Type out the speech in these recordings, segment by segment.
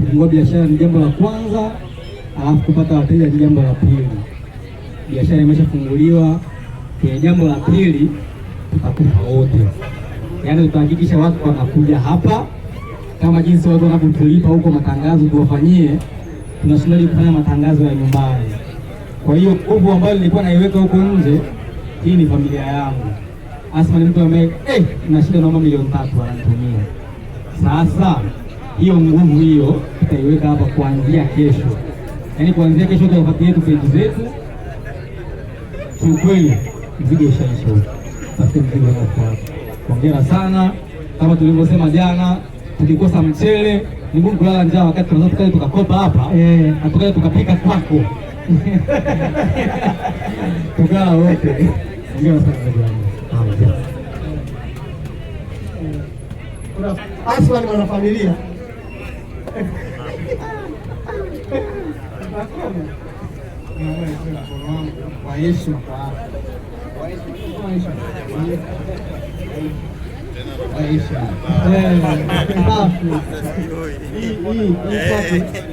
Kufungua biashara ni jambo la kwanza, alafu kupata wateja ni jambo la pili. Biashara imeshafunguliwa, kwenye jambo la pili tutakupa wote, yaani tutahakikisha watu wanakuja hapa kama jinsi watu wanavyotulipa huko matangazo tuwafanyie, tunasubiri kufanya matangazo ya nyumbani. Kwa hiyo nguvu ambayo nilikuwa naiweka huko nje, hii ni familia yangu. Asma ni mtu ambaye eh, na shida, naomba milioni tatu ananitumia sasa hiyo nguvu hiyo tutaiweka hapa kuanzia kesho, yaani kuanzia kesho tutafuatilia peji zetu. Kiukweli mzigo ushaisha huko, tafute mzigo unaofuata. Hongera sana, kama tulivyosema jana, tukikosa mchele ni ngumu kulala njaa, wakati tunaweza tukaje tukakopa hapa eh. na tukae tukapika kwako tukaa wote. Hongera sana. Aslan mwanafamilia kwa heshima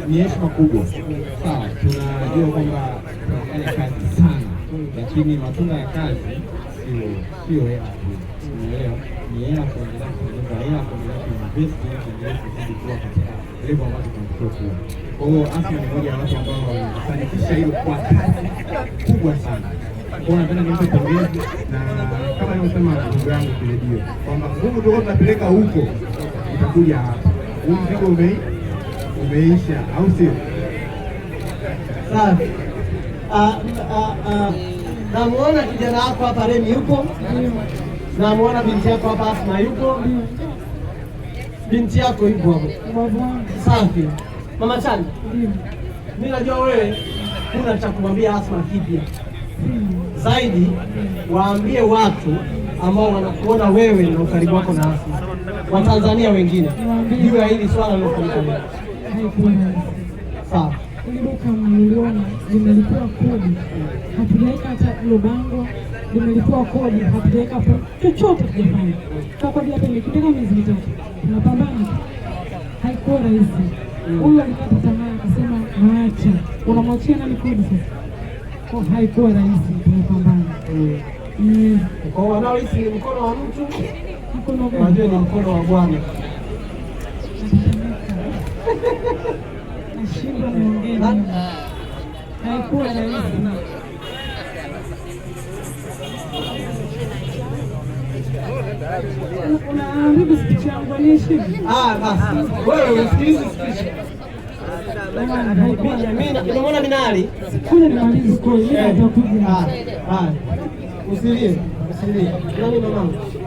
ni heshima kubwa. Sawa, tunajua kwamba tunafanya kazi sana, lakini matunda ya kazi sio hela Ni hela kuendelea kujenga, hela kuendelea kuinvest, kuendelea kuzidi kuwa katika lengo ambalo tunatakiwa. Kwa hiyo afya ni moja ya watu ambao wamefanikisha hiyo kwa kasi kubwa sana. Kwa hiyo napenda nimpe pongezi, na kama alivyosema ndugu yangu Kiredio kwamba nguvu tulikuwa tunapeleka huko itakuja hapa, huu mzigo ume umeisha, au sio? Safi. Ah, ah, ah, namuona kijana wako hapa Remi yupo, namuona binti yako hapa Asma yupo binti yako hivyo hapo. Safi. Mama Chani. Mimi najua wewe kuna cha kumwambia Asma kipya zaidi, waambie watu ambao wanakuona wewe na ukaribu wako na Asma, Watanzania wengine juu ya hili swala lilokuwa sawa hili duka mliliona limelipua kodi, hatujaweka hata lubango, limelipua kodi, hatujaweka chochote, kijafanya kwa kodi yake ilikuteka miezi mitatu, tunapambana, haikuwa rahisi. Huyu alikata tamaa akasema, waache, unamwachia nani kodi sasa? Haikuwa rahisi, tunapambana eh. kwa wanaohisi ni mkono wa mtu najua ni mkono wa Bwana. Kashinda miongoni, haikuwa rahisi. Unaharibu spichi yangu, niishi. Ah, basi wewe usikilize spichi Unamwona Minali usilie, usilie nani mamangu